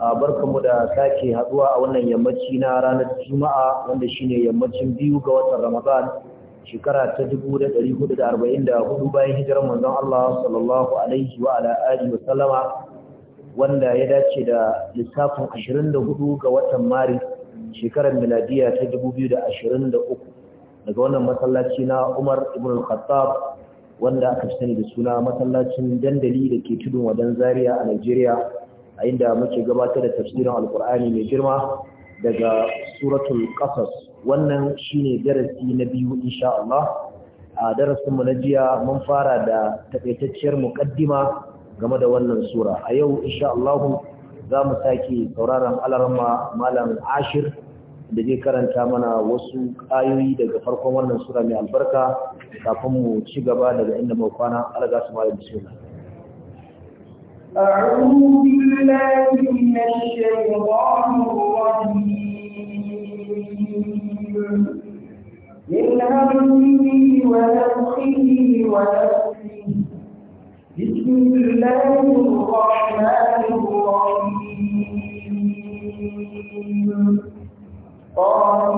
A barkanmu da sake haduwa a wannan yammaci na ranar juma'a wanda shine yammacin biyu ga watan ramadan shekara ta 1444 bayan hijirar manzon Allah sallallahu alaihi wa ala alihi wa sallama wanda ya dace da lissafin 24 ga watan maris shekarar miladiya ta 2023 daga wannan masallaci na Umar ibn al-Khattab wanda aka sani da suna masallacin dandali da ke tudun wadan Zaria a Najeriya a inda muke gabatar da tafsirin alkur'ani mai girma daga suratul qasas wannan shine darasi na biyu insha Allah a darasin mu na jiya mun fara da takaitacciyar muqaddima game da wannan sura a yau insha Allah za mu sake sauraron alarma malam Ashir da zai karanta mana wasu ayoyi daga farkon wannan sura mai albarka kafin mu ci gaba daga inda mu kwana Allah malam bismillah أعوذ بالله من الشيطان الرجيم من همه ونفخه ونفسه بسم الله الرحمن الرحيم قال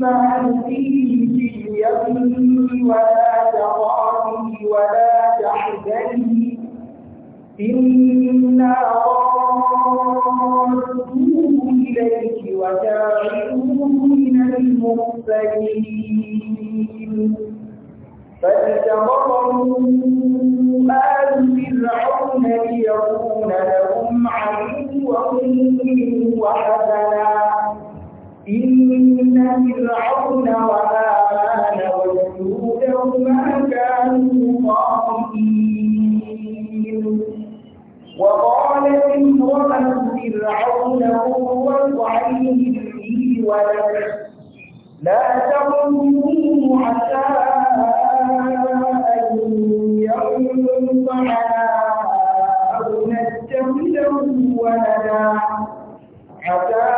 ما ألقيه في يمي ولا ولا تحزني إن ولك لا تغمه حتى أن ينفعنا أو ولدا حتى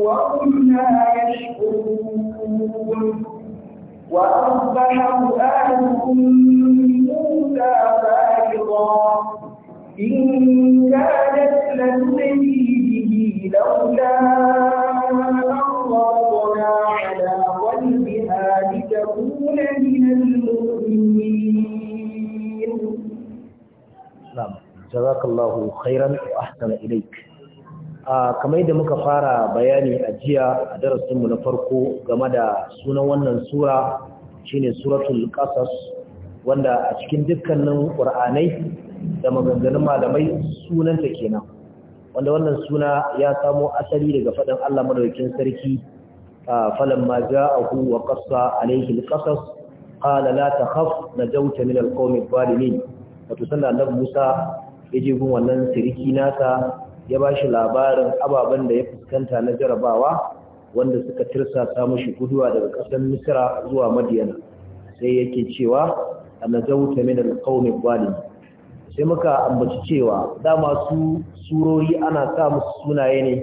وهم لا يشكرون وأصبح فؤادكم الله إن كانت لتبدي kamar yadda muka fara bayani a jiya a darasinmu na farko game da sunan wannan sura shine suratul qasas wanda a cikin dukkanin ƙur'anai da maganganun malamai sunanta kenan wanda wannan suna ya samo asali daga faɗin Allah madaukakin sarki falan ma ja'ahu wa qassa alayhi alqasas qala la takhaf najawta min alqawmi adh-dhalimin wato sanda annabi Musa yaje gun wannan sarki nasa ya bashi labarin ababen da ya fuskanta na jarabawa wanda suka tirsa ta mushi guduwa daga ƙasar Misra zuwa Madiyana sai yake cewa najauta min alqawm zalim sai muka ambaci cewa da masu surori ana sa musu sunaye ne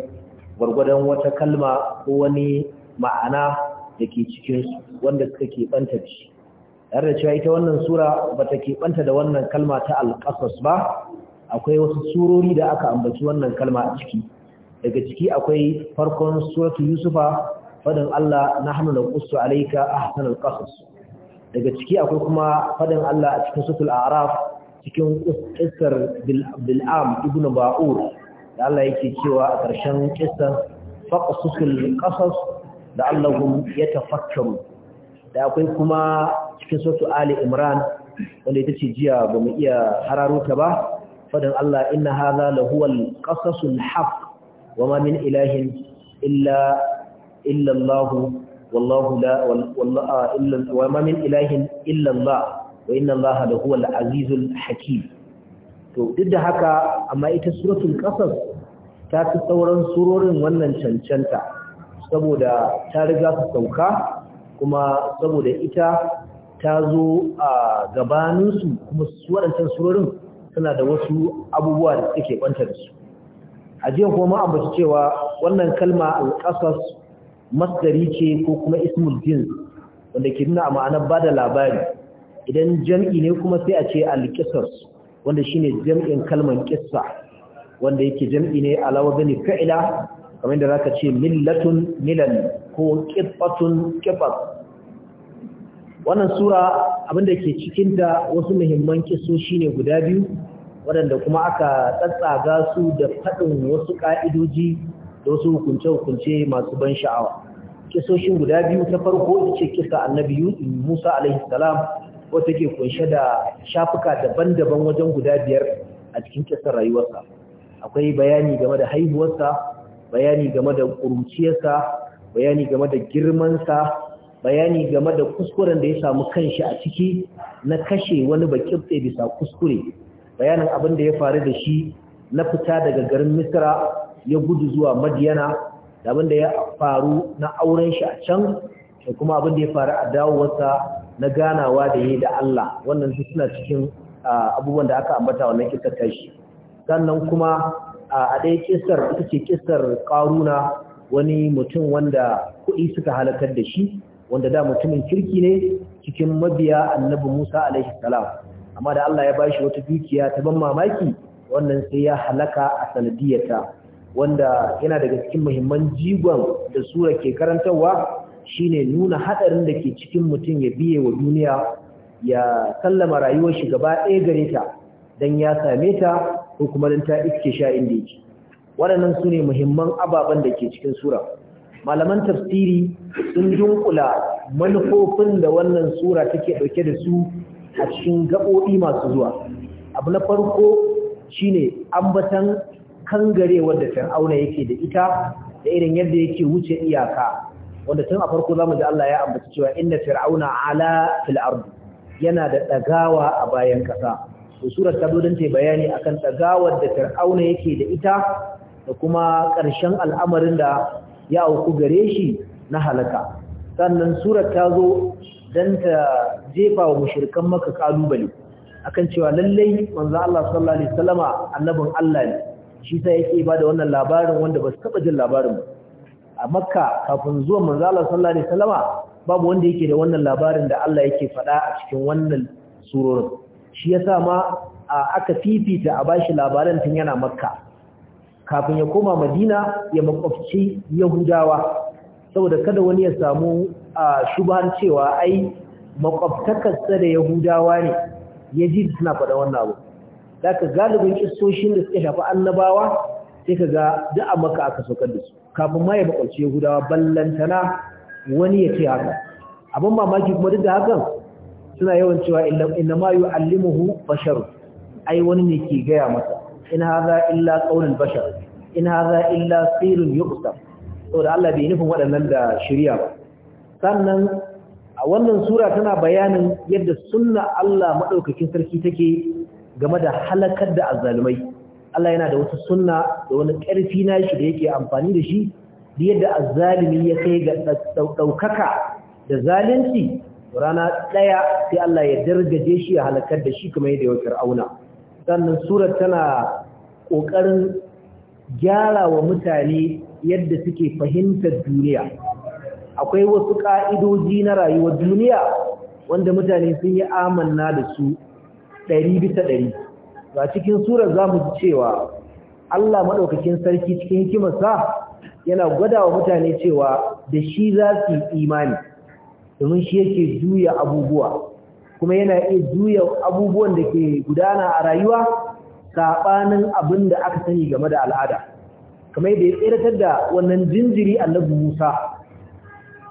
gwargwadon wata kalma ko wani ma'ana da ke cikin su wanda suka ke da shi har da cewa ita wannan sura ba ta banta da wannan kalma ta alƙasas ba akwai wasu surori da aka ambaci wannan kalma a ciki daga ciki akwai farkon suratu yusufa fadin Allah nahnu naqussu alayka ahsanal qasas daga ciki akwai kuma fadin Allah a cikin sufil araf cikin ƙisar bil'am ibn ba'ur da Allah yake cewa a ƙarshen ƙisar faƙasusul ƙasas da Allahun ya tafakkaru da akwai kuma cikin sautu Ali Imran wanda ita ce jiya ba mu iya hararuta ba fadin Allah inna haza huwal ƙasasul haq wa ma ilahin illa illallahu wallahu la wallahu ah, illa wa ma min ilahin illa Allah wa inna Allah la to duk da haka amma ita suratul qasas ta fi sauran surorin wannan cancanta saboda ta riga su sauka kuma saboda ita ta zo a gabaninsu kuma waɗancan surorin suna da wasu abubuwa da suke kwanta da su a jiya kuma ma'ambaci cewa wannan kalma alƙasas masdari ce ko kuma ismul jins wanda ke nuna ma'anar bada labari idan jam'i ne kuma sai a ce al-qisas wanda shine jam'in kalman qissa wanda yake jam'i ne ala gani fi'la kamar da zaka ce millatun milal ko qifatun qifat wannan sura abinda ke cikin da wasu muhimman kisoshi shine guda biyu waɗanda kuma aka tsatsaga su da faɗin wasu ka'idoji. da wasu hukunce-hukunce masu ban sha'awa kisoshin guda biyu ta farko ce kisa annabi musa alaihi salam wata ke kunshe da shafuka daban-daban wajen guda biyar a cikin kisar rayuwarsa akwai bayani game da haihuwarsa bayani game da ƙuruciyarsa bayani game da girmansa bayani game da kuskuren da ya samu kanshi a ciki na kashe wani tsaye bisa kuskure bayanin abin da ya faru da shi na fita daga garin misra ya gudu zuwa madiyana da abin da ya faru na auren shi a can da kuma abin da ya faru a dawowarsa na ganawa da ya da Allah wannan su suna cikin abubuwan da aka ambata wannan kisar tashi sannan kuma a ɗaya kisar ita ce kisar ƙaruna wani mutum wanda kuɗi suka halakar da shi wanda da mutumin kirki ne cikin mabiya annabi Musa alaihi salam amma da Allah ya bashi wata dukiya ta ban mamaki wannan sai ya halaka a sanadiyarta wanda yana daga cikin muhimman jigon da sura ke karantarwa shine nuna hadarin da ke cikin mutum ya biye wa duniya ya sallama rayuwar shi gaba ɗaya gare ta don ya same ta ko kuma don ta iske sha inda yake waɗannan su ne muhimman ababen da ke cikin sura malaman tafsiri sun dunkula manufofin da wannan sura take ɗauke da su a cikin gaɓoɓi masu zuwa abu na farko shine ambatan kangarewar da fir'auna yake da ita da irin yadda yake wuce iyaka wanda tun a farko zamu ji Allah ya ambaci cewa inna fir'auna ala fil ard yana da dagawa a bayan kasa to surar ta don ta bayani akan dagawar da fir'auna yake da ita da kuma ƙarshen al'amarin da ya auku gare shi na halaka sannan surar ta zo don ta jefa wa mushrikan maka kalubale akan cewa lallai manzo Allah sallallahu alaihi wasallama annabin Allah ne shi sai yake ba da wannan labarin wanda ba su taɓa jin labarin a makka kafin zuwa manzala sallallahu alaihi babu wanda yake da wannan labarin da Allah yake faɗa a cikin wannan surorin shi yasa ma aka fifita a bashi labarin tun yana makka kafin ya koma madina ya makwabci yahudawa saboda kada wani ya samu shubhan cewa ai makwabtakarsa da yahudawa ne ya ji suna faɗa wannan abu zaka galibin kistoshin da suka shafi annabawa sai ka ga duk a maka aka saukar da su. Kafin ma ya makwalci Yahudawa ballantana wani ya ce haka. Abin mamaki kuma duk da hakan suna yawan cewa inna ma yu'allimuhu bashar ai wani ne ke gaya masa in hadha illa qawlul bashar in hadha illa sirrun to da Allah bai nufin waɗannan da shari'a ba sannan a wannan sura tana bayanin yadda sunna Allah madaukakin sarki take game da halakar da azzalumai Allah yana da wata sunna da wani ƙarfi na shi da yake amfani da shi da yadda azzalumi ya kai ga ɗaukaka da zalunci rana ɗaya sai Allah ya dargaje shi ya halakar da shi kuma yadda ya fir'auna sannan surat tana ƙoƙarin gyara wa mutane yadda suke fahimtar duniya akwai wasu ƙa'idoji na rayuwar duniya wanda mutane sun yi amanna da su ɗari bisa ɗari ba cikin surar za mu ji cewa Allah maɗaukakin sarki cikin hikimarsa yana gwada wa mutane cewa da shi za su yi imani domin shi yake juya abubuwa kuma yana iya juya abubuwan da ke gudana a rayuwa saɓanin abin da aka sani game da al'ada kamar yadda ya da wannan jinjiri annabi musa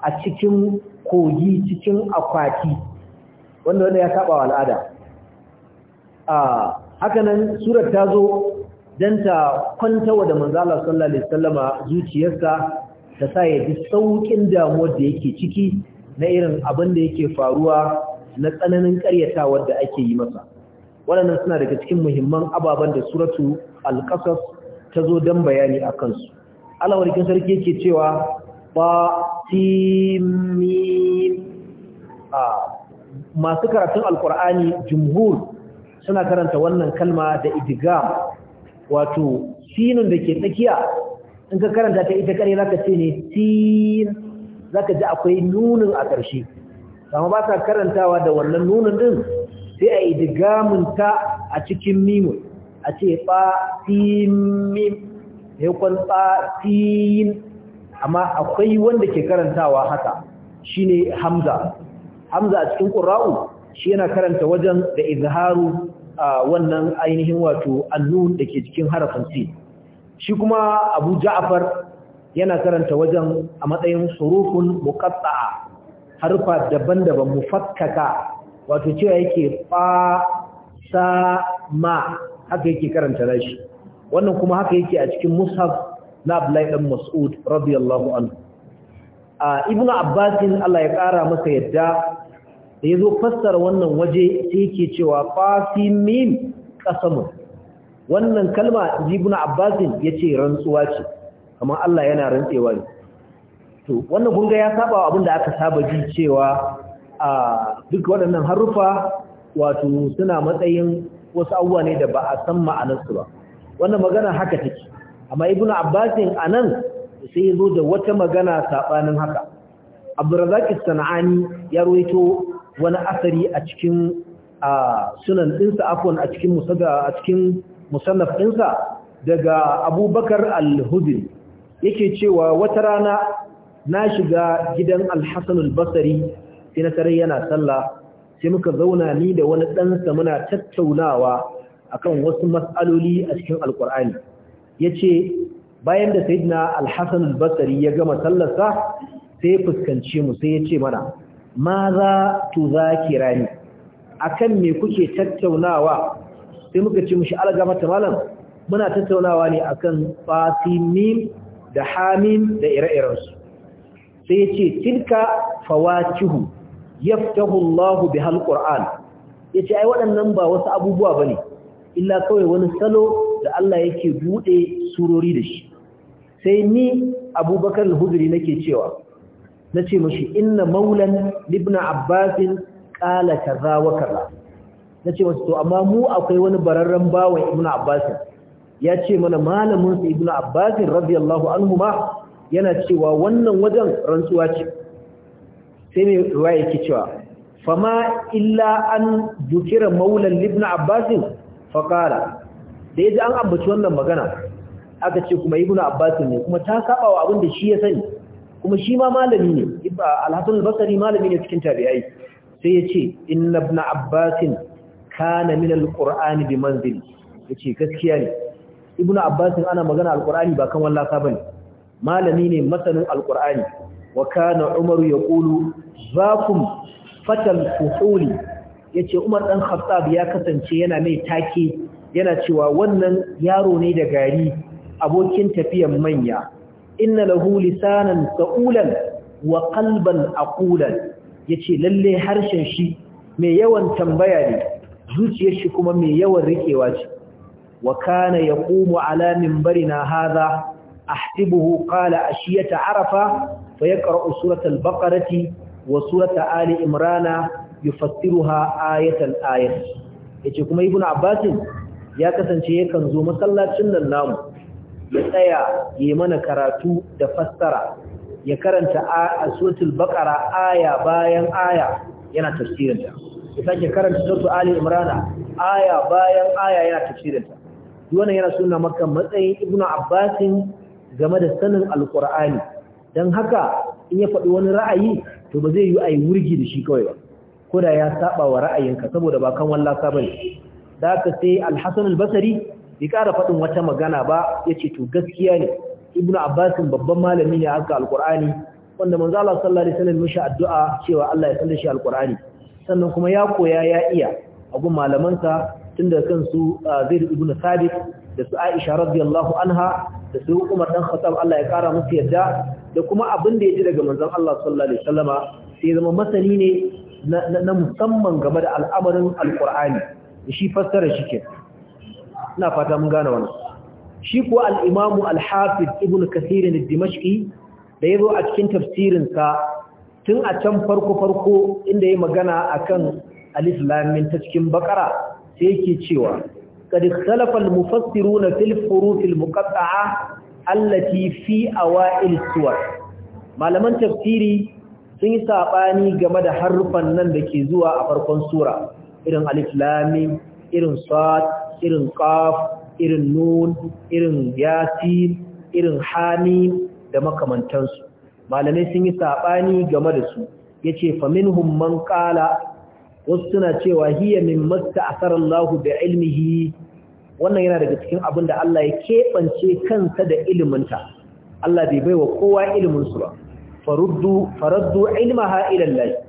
a cikin kogi cikin akwati wanda wanda ya saba wa al'ada a hakanan surar ta zo don ta kwantawa da manzala sallallahu alaihi wasallama zuciyarsa ta sa ya ji saukin damuwar da yake ciki na irin abin da yake faruwa na tsananin karyatawar da ake yi masa waɗannan suna daga cikin muhimman ababen da suratu alƙasas ta zo don bayani a kansu alawarkin sarki yake cewa ba masu karatun alkur'ani jumhur suna karanta wannan kalma da idgham wato sinun da ke tsakiya in ka karanta ta ita kare zaka ce ne sin zaka ji akwai nunin a ƙarshe amma ba ka karantawa da wannan nunin din sai a idgamun ta a cikin mimu a ce fa sin mim ne kun fa sin amma akwai wanda ke karantawa haka shine hamza hamza a cikin qur'a'u shi yana karanta wajen da izharu wannan ainihin wato annun da ke cikin harafin sin shi kuma abu ja'afar yana karanta wajen a matsayin surufun muqatta'a harfa daban-daban mufakkaka wato cewa yake fa sa ma haka yake karanta rashi wannan kuma haka yake a cikin mushaf na Abdullahi dan Mas'ud radiyallahu anhu ibnu Abbas Allah ya kara masa yadda Sai ya zo fassara wannan waje sai yake cewa Fasimin ƙasamun wannan kalma jibuna abbasin yace rantsuwa ce kamar Allah yana rantsewa ne to wannan kunga ya saba abin da aka saba ji cewa a duk waɗannan harufa wato suna matsayin wasu abubuwa ne da ba a san ma'anarsu ba wannan magana haka take amma ibnu abbasin anan sai ya zo da wata magana saɓanin haka abdurrazak sana'ani ya ruwaito wani asari a cikin sunan ɗinsa afon a cikin musannaf ɗinsa daga abubakar al-huzin yake cewa wata rana na shiga gidan al-hassan al-basari sai na yana sallah sai muka zauna ni da wani ɗansa muna tattaunawa akan wasu matsaloli a cikin alkur'ani ya ce bayan da sayidina al-hassan al-basari ya gama sallarsa sai ya fuskanci mu sai yace mana ma za tu rani. A kan me kuke tattaunawa sai muka ci mushi algama ta malam muna tattaunawa ne akan fasimim da hamim da ire-irensu sai ya ce tilka fawakihu yaftahullahu bi bi Ya ce, ai waɗannan ba wasu abubuwa ba ne. illa kawai wani salo da Allah yake buɗe surori da shi sai ni Abubakar al-Hudri nake cewa nace mashi inna maulan ibn abbas qala kaza wa kaza nace masa to amma mu akwai wani bararren bawan Ibnu abbas ya ce mana malamin sa ibn abbas radiyallahu anhuma yana cewa wannan wajen rantsuwa ce sai mai ruwaya ke cewa fama illa an dukira maulan ibn abbas faqala da yaji an ambaci wannan magana aka ce kuma Ibnu abbas ne kuma ta saba wa abin da shi ya sani kuma shi ma malami ne alhassan albasari malami ne cikin tabi'ai sai ya ce inna ibn abbasin kana min alqur'ani bi manzili yace gaskiya ne ibn abbasin ana magana alqur'ani ba kan ba ne. malami ne masanin alkur'ani wa kana umar yaqulu zakum fatal fuhuli yace umar ɗan khattab ya kasance yana mai take yana cewa wannan yaro ne da gari abokin tafiyan manya inna lahu lisanan qaulan wa qalban aqulan yace lalle harshen shi mai yawan tambaya ne zuciyar shi kuma mai yawan rikewa ce wa kana yaqumu ala minbarina hadha ahsibuhu qala ashiyata arafa fa yaqra'u suratal al-baqarati wa surata ali imrana yufassiruha ayatan ayat yace kuma ibnu Abbas ya kasance yakan zo masallacin nan namu ya tsaya ya mana karatu da fassara ya karanta a suratul baqara aya bayan aya yana tafsirin ta ya sake karanta suratul ali imran aya bayan aya yana tafsirin ta yana sunna maka matsayin ibnu abbas game da sanin alqur'ani dan haka in ya faɗi wani ra'ayi to ba zai yi ai wurgi da shi kawai ba koda ya saba wa ra'ayinka saboda ba kan wallafa ne. da ka sai al-hasan bai ƙara faɗin wata magana ba ya ce to gaskiya ne ibnu abbasin babban malami ne aka alƙur'ani wanda manzo Allah sallallahu alaihi wasallam mishi addu'a cewa Allah ya sanda shi alƙur'ani sannan kuma ya koya ya iya a gun malamansa tun da kansu Zaid ibn Sabit da su Aisha radiyallahu anha da su Umar dan Khattab Allah ya ƙara musu yadda da kuma abin da ya ji daga manzon Allah sallallahu alaihi wasallama sai zama masani ne na musamman game da al'amarin alƙur'ani shi fassara shi kenan ina fata mun gane wannan shi kuwa al-imamu al-hafiz ibn kathir al-dimashqi da yazo a cikin tafsirin sa tun a can farko farko inda yayi magana akan alif lam min ta cikin bakara sai yake cewa qad ikhtalafa al-mufassiruna fil furuf al-muqatta'a allati fi awa'il suwar malaman tafsiri sun yi sabani game da harfan nan da ke zuwa a farkon sura irin alif lam irin sad irin qaf irin nun irin yasin irin hamim da makamantansu malamai sun yi sabani game da su yace fa minhum man qala wasu suna cewa hiya min masta asarallahu bi ilmihi wannan yana daga cikin abin da Allah ya keɓance kansa da iliminta Allah bai baiwa kowa iliminsu ba faruddu faruddu ilmaha ila Allah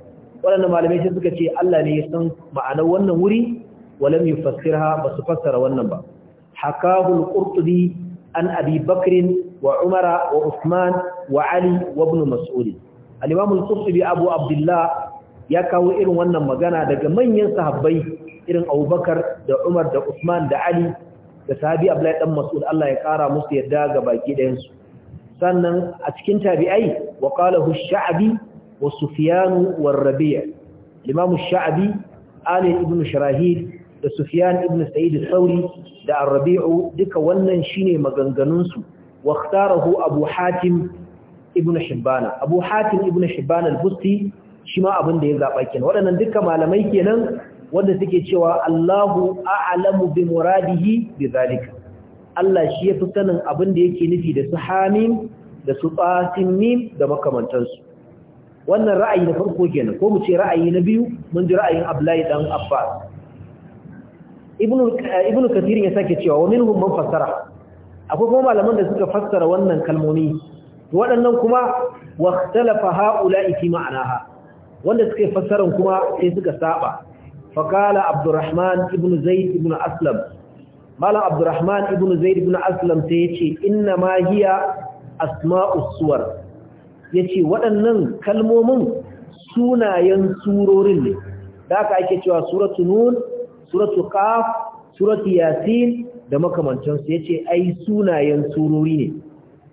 wannan malamai sun suka ce Allah ne ya san ma'anar wannan wuri walam yufassirha ba su fassara wannan ba hakahu al an abi bakr wa umara wa usman wa ali wa ibn mas'ud al-imam abu abdullah ya kawo irin wannan magana daga manyan sahabbai irin abubakar da umar da usman da ali da sahabi abdullahi dan mas'ud Allah ya kara musu yadda ga baki ɗayansu sannan a cikin tabi'ai wa qalahu ash-sha'bi wa sufyan wa rabi' imam ash-sha'bi ali ibn shirahid da Sufyan ibn Sa'id al-Thawri da Ar-Rabi'u duka wannan shine maganganun su wa Abu Hatim ibn Hibban Abu Hatim ibn Hibban al-Busti shima abin da ya zaba kenan waɗannan duka malamai kenan wanda suke cewa Allahu a'lamu bi muradihi bi zalika Allah shi yafi sanin abin da yake nufi da su hamim da su tsasimim da makamantansu wannan ra'ayi na farko kenan ko mu ce ra'ayi na biyu mun ji ra'ayin Abdullahi dan Abbas ibn eh, kathirin ya sake cewa Wani minhum man fassara akwai kuma malaman da suka fassara wannan kalmomi waɗannan kuma wa ikhtalafa haula'i fi ma'anaha wanda suka fassara kuma sai suka saba faqala abdurrahman ibn zaid ibn aslam malam abdurrahman ibn zaid ibn aslam sai yace inna ma hiya asma'us suwar yace waɗannan kalmomin sunayen surorin ne da aka ake cewa suratu nun suratu qaf suratu yasin da makamantansu yace ai sunayen surori ne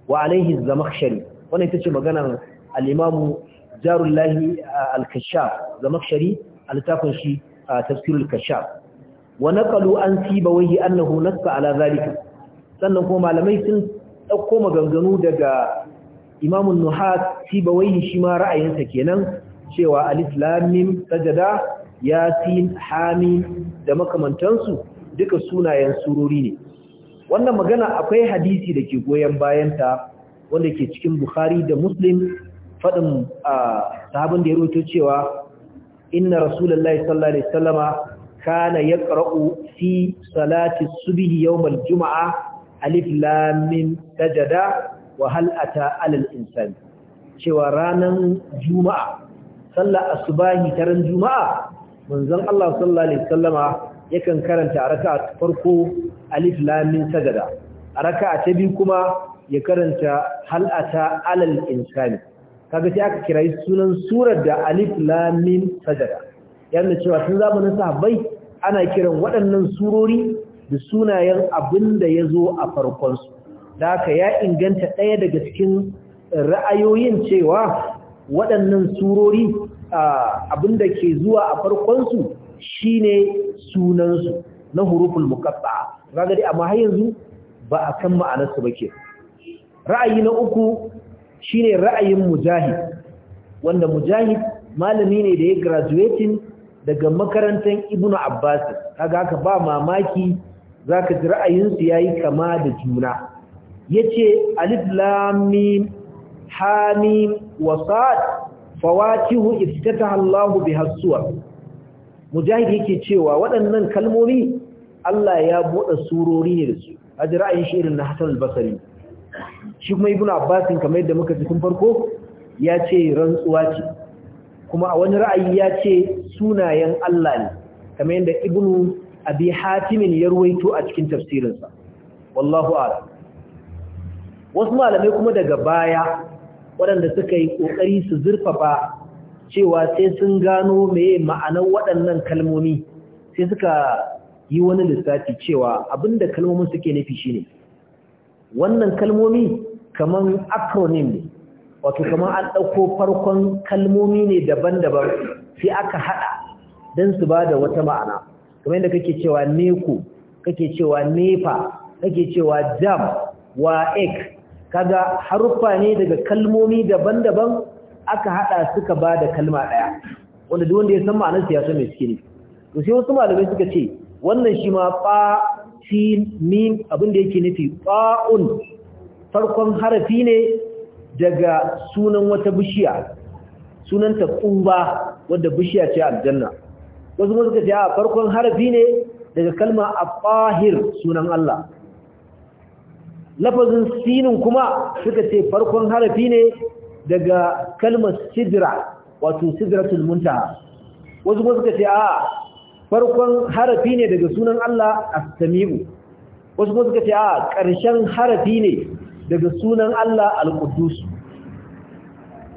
wa alaihi zamakhshari wannan ita ce maganar al-imamu jarullahi uh, al-kashaf zamakhshari al-tafin shi uh, tafsirul kashaf wa naqalu an sibawayhi annahu nassa ala zalika sannan kuma malamai sun dauko maganganu daga imamun nuhat sibawayhi shi ma ra'ayinsa kenan cewa al-islamin sajada yasin hamim da makamantansu duka sunayen surori ne wannan magana akwai hadisi da ke goyon bayanta wanda ke cikin bukhari da muslim faɗin sahabin da ya roto cewa inna rasulallah sallallahu alaihi wasallama kana yaqra'u fi salati subh yawm al-jum'a alif lam mim sajada wa hal ata alal insan cewa ranan juma'a sallar asubahi taran juma'a manzon Allah sallallahu alaihi wasallama yakan karanta a raka'a farko alif lam min sajada a raka'a ta biyu kuma ya karanta hal ata alal insani kaga sai aka kirayi sunan surar da alif lam min sajada yana cewa tun zamanin sahabbai ana kiran waɗannan surori da sunayen abinda zo a farkon su da haka ya inganta ɗaya daga cikin ra'ayoyin cewa waɗannan surori abin da ke zuwa a farkon su shine sunansu na huruful muqatta kaga amma har yanzu ba a kan ma'anarsu ba ke ra'ayi na uku shine ra'ayin mujahid wanda mujahid malami ne da ya graduating daga makarantar ibnu abbas kaga haka ba mamaki zaka ji ra'ayinsu yayi kama da juna yace alif lam mim hamim wa fawatihu iftataha Allahu bi hasuwa mujahid yake cewa waɗannan kalmomi Allah ya bude surori ne da su haji ra'ayin shi irin na Hasan al-Basri shi kuma Ibn Abbas kamar yadda muka ji tun farko ya ce rantsuwa ce kuma a wani ra'ayi ya ce sunayen Allah ne kamar yadda Ibn Abi Hatim ya ruwaito a cikin tafsirinsa wallahu a'lam wasu malamai kuma daga baya waɗanda suka yi ƙoƙari su zurfafa cewa sai sun gano mai ma'anar waɗannan kalmomi sai suka yi wani lissafi cewa abinda kalmomin suke nufi shine wannan kalmomi kamar acronym ne wato kamar an ɗauko farkon kalmomi ne daban-daban sai aka haɗa don su ba da wata ma'ana kamar yadda kake cewa neko kake cewa nepa kake cewa jam wa ek kaga haruffa ne daga kalmomi daban-daban aka hada suka ba da kalma daya wanda duk wanda ya san ma'anar siyasa mai suke ne to sai wasu malamai suka ce wannan shi ma fa fi mim abin da yake nufi fa'un farkon harafi ne daga sunan wata bishiya sunanta quba wadda bishiya ce aljanna wasu suka ce a farkon harafi ne daga kalma afahir sunan Allah lafazin sinin kuma suka ce farkon harafi ne daga kalmar sidra wato sidratul muntaha wasu kuma suka ce a farkon harafi ne daga sunan Allah as-sami'u wasu kuma suka ce a ƙarshen harafi ne daga sunan Allah al-quddus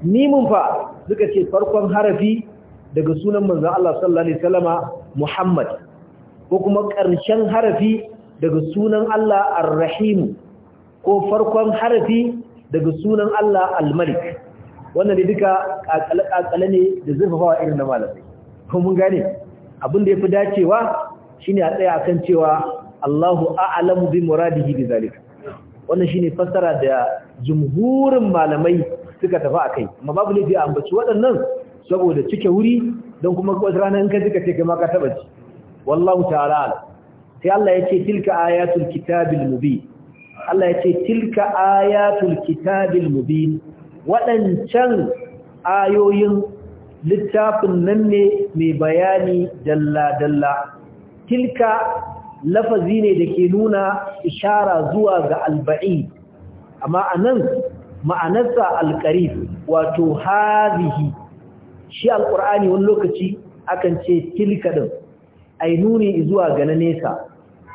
mun fa suka ce farkon harafi daga sunan manzon Allah sallallahu alaihi wasallama Muhammad ko kuma ƙarshen harafi daga sunan Allah ar-Rahim ko farkon harafi daga sunan Allah al-malik wannan da duka kakale ne da zurfafawa irin da malamai ko mun gane abin da yafi dacewa shine a tsaya akan cewa Allahu a'lamu bi muradihi bi zalika wannan shine fassara da jumhurin malamai suka tafi akai amma babu laifi a ambaci waɗannan saboda cike wuri don kuma wata rana in ka zika ce kai ma ka taba wallahu ta'ala sai Allah ya ce tilka ayatul kitabil mubin Allah ya ce tilka ayatul kitabil mubin waɗancan ayoyin littafin nan ne mai bayani dalla-dalla tilka lafazi ne da ke nuna ishara zuwa ga alba'i amma a nan ma'anarsa alkarif wato hazihi shi Alƙur'ani wani lokaci akan ce tilka ɗin ai nuni zuwa ga na nesa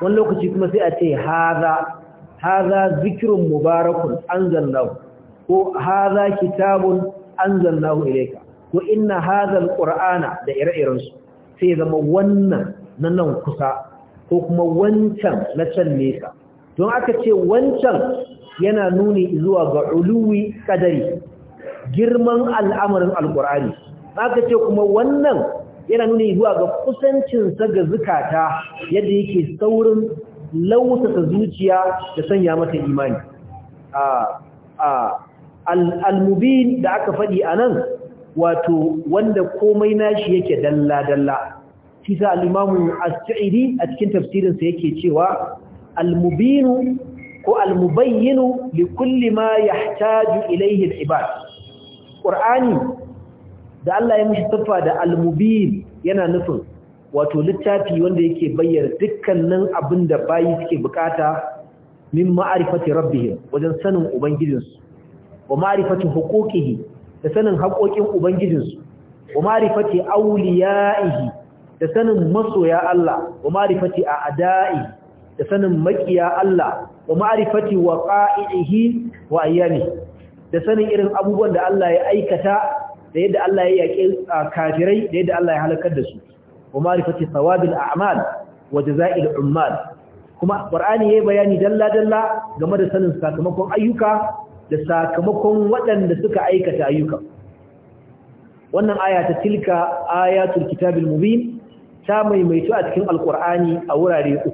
wani lokaci kuma sai a ce haza haza zikirin mubarakun anzalnahu ko haza kitabun anzalnahu ilayka ko inna haza alqur'ana da ire-iren su sai zama wannan na nan kusa ko kuma wancan na can nesa don aka ce wancan yana nuni zuwa ga uluwi kadari girman al'amarin alqur'ani aka ce kuma wannan yana nuni zuwa ga kusancinsa ga zukata yadda yake saurin lausasa zuciya da sanya mata imani al-mubin da aka faɗi a nan wato wanda komai nashi yake dalla-dalla shi sa al-imamu as-sa'idi a cikin sa yake cewa al-mubinu ko al-mubayyinu li kulli ma yahtaju ilayhi al-ibad qur'ani da Allah ya mishi tuffa da al-mubin yana nufin wato littafi wanda yake bayyana dukkanin abin da bayi suke bukata min ma'arifati rabbihim wajen sanin ubangijinsu wa ma'arifati huquqihi da sanin haƙoƙin ubangijinsu wa ma'arifati awliya'ihi da sanin masoya Allah wa ma'arifati a'da'i da sanin makiya Allah wa ma'arifati waqa'ihi wa ayyami da sanin irin abubuwan da Allah ya aikata da yadda Allah ya yaƙi kafirai da yadda Allah ya halakar da su wa ma'rifati thawabil a'mal wa jazail ummal kuma ya yi bayani dalla dalla game da sanin sakamakon ayyuka da sakamakon waɗanda suka aikata ayyuka wannan aya ta tilka ayatul kitabil mubin ta maimaitu a cikin alqur'ani a wurare uku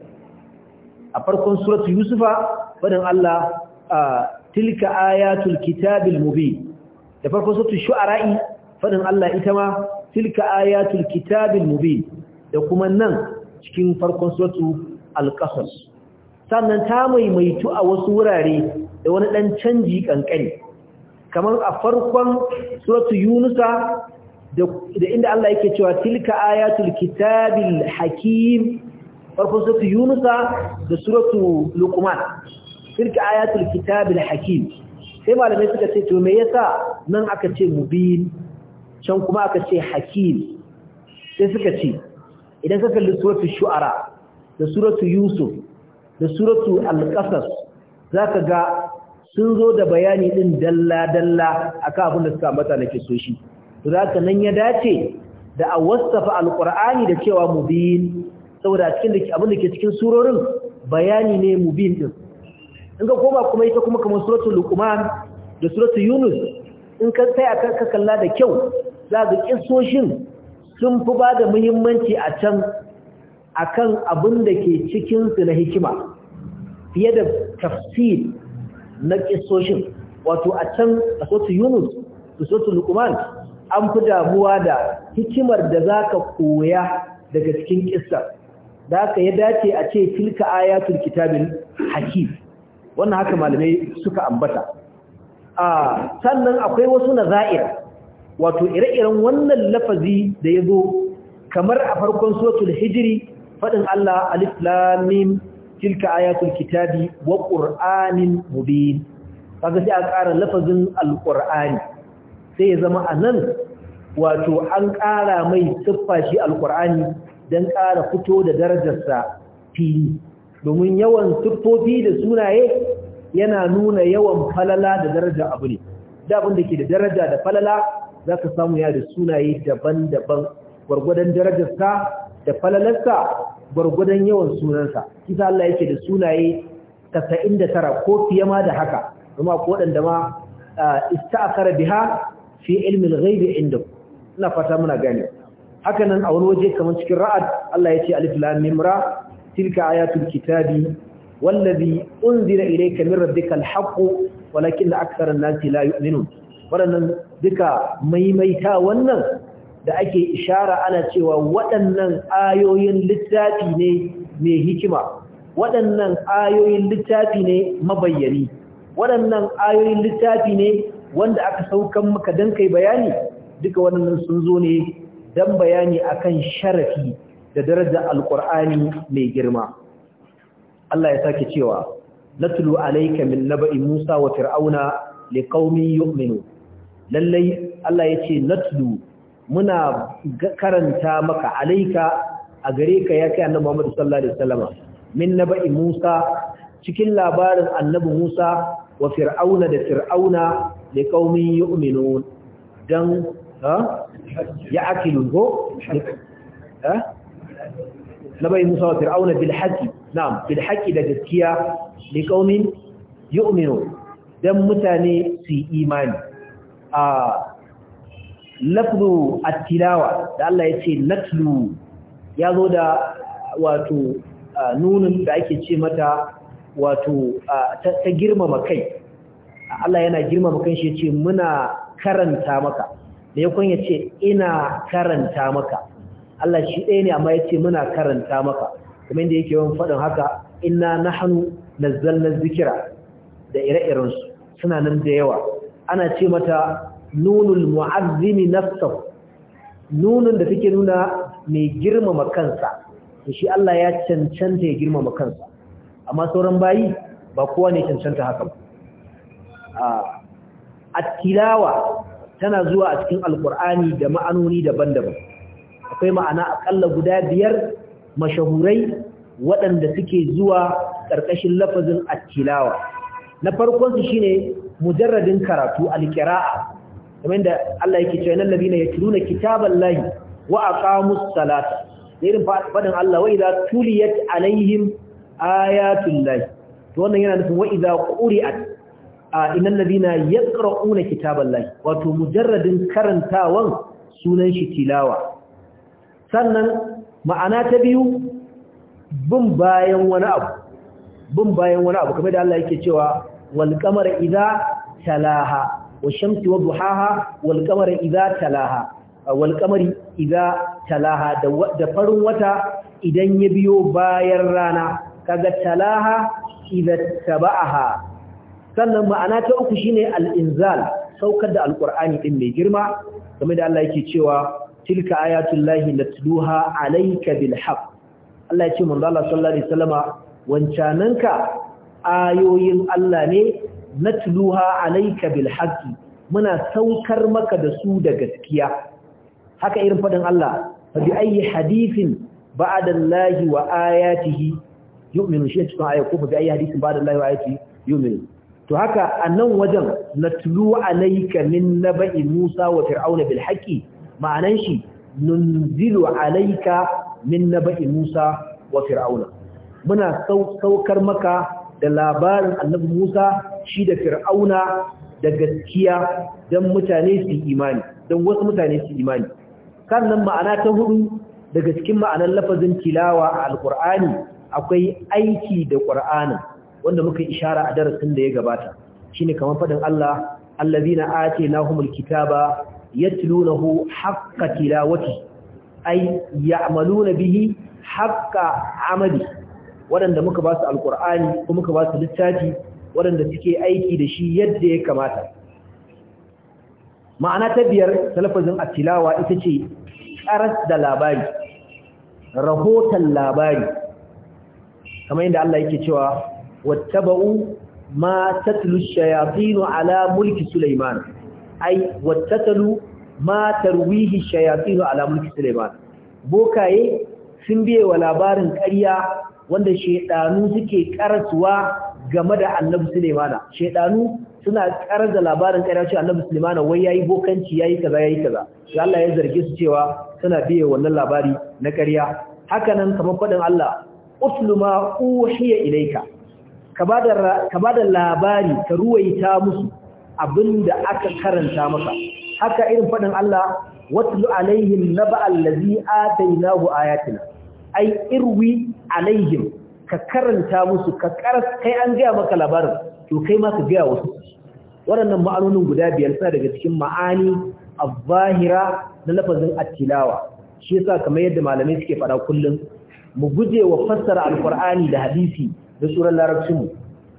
a farkon suratu yusufa faɗin Allah tilka ayatul kitabil mubin da farkon suratu shu'ara'i fadin Allah ita ma tilka ayatul kitabil mubin da kuma nan cikin farkon suratu al-qasas sannan ta maimaitu a wasu wurare da wani dan canji kankani kamar a farkon suratu yunusa da inda Allah yake cewa tilka ayatul kitabil hakim farkon suratu yunusa da suratu luqman tilka ayatul kitabil hakim sai malamai suka ce to me yasa nan aka ce mubin can kuma aka ce hakim sai suka ce idan ka kalli suratu shu'ara da suratu yusuf da suratu alqasas zaka ga sun zo da bayani ɗin dalla-dalla a kan abin da suka mata na shi, to za nan ya dace da a alqur'ani alƙur'ani da cewa mubin saboda cikin abin da ke cikin surorin bayani ne mubin ɗin in ka koma kuma ita kuma kamar suratu luqman da suratu yunus in ka sai aka kalla da kyau za ga ƙisoshin sun fi ba da muhimmanci a can a kan abin da ke cikinsu na hikima fiye da tafsir na kisoshin wato a can a sotu yunus da sotu lukuman an fi damuwa da hikimar da za ka koya daga cikin kisar da aka ya dace a ce tilka ayatul kitabin hakim wannan haka malamai suka ambata ah, sannan akwai wasu na naza'ir wato ire-iren wannan lafazi da ya zo kamar a farkon suratul hijiri faɗin Allah alif lamim tilka ayatul kitabi wa qur'anin mubin kaga sai a ƙara lafazin alqur'ani sai ya zama anan wato an ƙara mai siffa shi alqur'ani dan ƙara fito da darajarsa fili domin yawan siffofi da sunaye yana nuna yawan falala da daraja abu ne da abin da ke da daraja da falala za ka samu ya da sunaye daban-daban gwargwadon darajarsa da falalarsa gwargwadon yawan sunansa kisa Allah yake da sunaye 99 ko fiye ma da haka kuma ko waɗanda ma ista'akara biha fi ilmin ghaibi inda ina fata muna gane haka nan a wani waje kamar cikin ra'ad Allah ya ce alif lam mim ra tilka ayatul kitabi wallazi unzila ilayka min rabbikal haqq walakin aktsara nasi la yu'minun waɗannan duka maimaita wannan da ake ishara ana cewa waɗannan ayoyin littafi ne mai hikima waɗannan ayoyin littafi ne mabayyani waɗannan ayoyin littafi ne wanda aka saukan maka don kai bayani duka waɗannan sun zo ne don bayani akan sharafi da darajar alƙur'ani mai girma Allah ya sake cewa natlu alaika min naba'i Musa wa fir'auna liqaumin yu'minun lallai Allah ya ce natlu muna karanta maka alaika a gare ka ya kai annabi Muhammad sallallahu alaihi wasallama min naba'i Musa cikin labarin annabi Musa wa fir'auna da fir'auna da qaumin yu'minun dan ha ya akilun go ha naba'i Musa wa fir'auna bil haqqi na'am bil haqqi da gaskiya da qaumin yu'minun dan mutane su imani a lafzu at da Allah ya ce natlu ya zo da wato nunin da ake ce mata wato ta girmama kai Allah yana girmama kan shi ya ce muna karanta maka da ya kun ce ina karanta maka Allah shi ɗaya ne amma yace muna karanta maka kuma inda yake yawan faɗin haka ina inna nahnu nazzalna zikira da ire-irensu suna nan da yawa ana ce mata nunul mu'azzimi nafsahu nunun da take nuna mai girmama kansa to shi Allah ya cancanta ya girmama kansa amma sauran bayi ba kowa ne cancanta haka ba Attilawa tana zuwa a cikin alkur'ani da ma'anoni daban-daban akwai ma'ana akalla guda biyar mashahurai waɗanda suke zuwa ƙarƙashin lafazin attilawa na farkonsu shine mujarradin karatu alqira'a kamar da Allah yake cewa nan ladina yatluna kitaballahi wa aqamus salata irin fadin Allah wa idza tuliyat alaihim ayatul lahi to wannan yana nufin wa idza quri'at innal ladina yaqra'una kitaballahi wato mujarradin karantawan sunan shi tilawa sannan ma'ana ta biyu bin bayan wani abu bin bayan wani abu kamar da Allah yake cewa wal qamara idha talaha والشمس وضحاها والقمر إذا تلاها والقمر إذا تلاها da farin wata idan ya biyo bayan rana kaga talaha idza tabaha sannan ma'ana ta uku shine al-inzal saukar da Alƙur'ani ɗin mai girma game da Allah yake cewa tilka ayatul lahi natluha alayka bil haqq Allah ya ce manzo Allah sallallahu alaihi wasallama wancananka ayoyin Allah ne natluha alayka bil haqqi muna saukar maka da su da gaskiya haka irin faɗin Allah fa bi ayi hadithin ba'da Allah wa ayatihi yu'minu shi cikin aya ko bi ayi hadithin ba'da Allah wa ayatihi yu'minu to haka anan wajen na natlu alayka min naba'i Musa wa fir'auna bil haqqi ma'anan shi nunzilu alayka min naba'i Musa wa fir'auna muna saukar maka da labarin annabi Musa shi da Fir'auna da gaskiya don mutane su imani don wasu mutane su imani sannan ma'ana ta hudu daga cikin ma'anar lafazin tilawa a alkur'ani akwai aiki da ƙur'anin wanda muka ishara a darasin da ya gabata shine kamar fadin Allah allazina atainahumul kitaba yatlunahu haqqa tilawati ay ya'maluna bihi haqqa amali waɗanda muka ba su alƙur'ani ko muka ba su littafi waɗanda suke aiki da shi yadda ya kamata ma'ana ta biyar talafazin atilawa ita ce karas da labari rahoton labari kamar yadda Allah yake cewa wattaba'u ma tatlu shayatinu ala mulki Sulaiman ai wattatalu ma tarwihi shayatinu ala mulki Sulaiman bokaye sun biye wa labarin ƙarya wanda shedanu suke karatuwa game da annabi Sulaimana shedanu suna karar da labarin ƙarya cewa annabi wai yayi bokanci yayi kaza yayi kaza sai Allah ya zarge su cewa suna biye wannan labari na karya haka nan kamar faɗin Allah uslu ma uhiya ilayka ka bada labari ka ruwaita musu abinda aka karanta maka haka irin faɗin Allah watlu alaihim naba allazi atainahu ayatina ai irwi alaihim ka karanta musu ka karas kai an gaya maka labarin to kai ma ka gaya wasu waɗannan ma'anonin guda biyar suna daga cikin ma'ani al-zahira na lafazin at-tilawa shi yasa kamar yadda malamai suke faɗa kullum mu guje wa fassara al-qur'ani da hadisi da suran larabci mu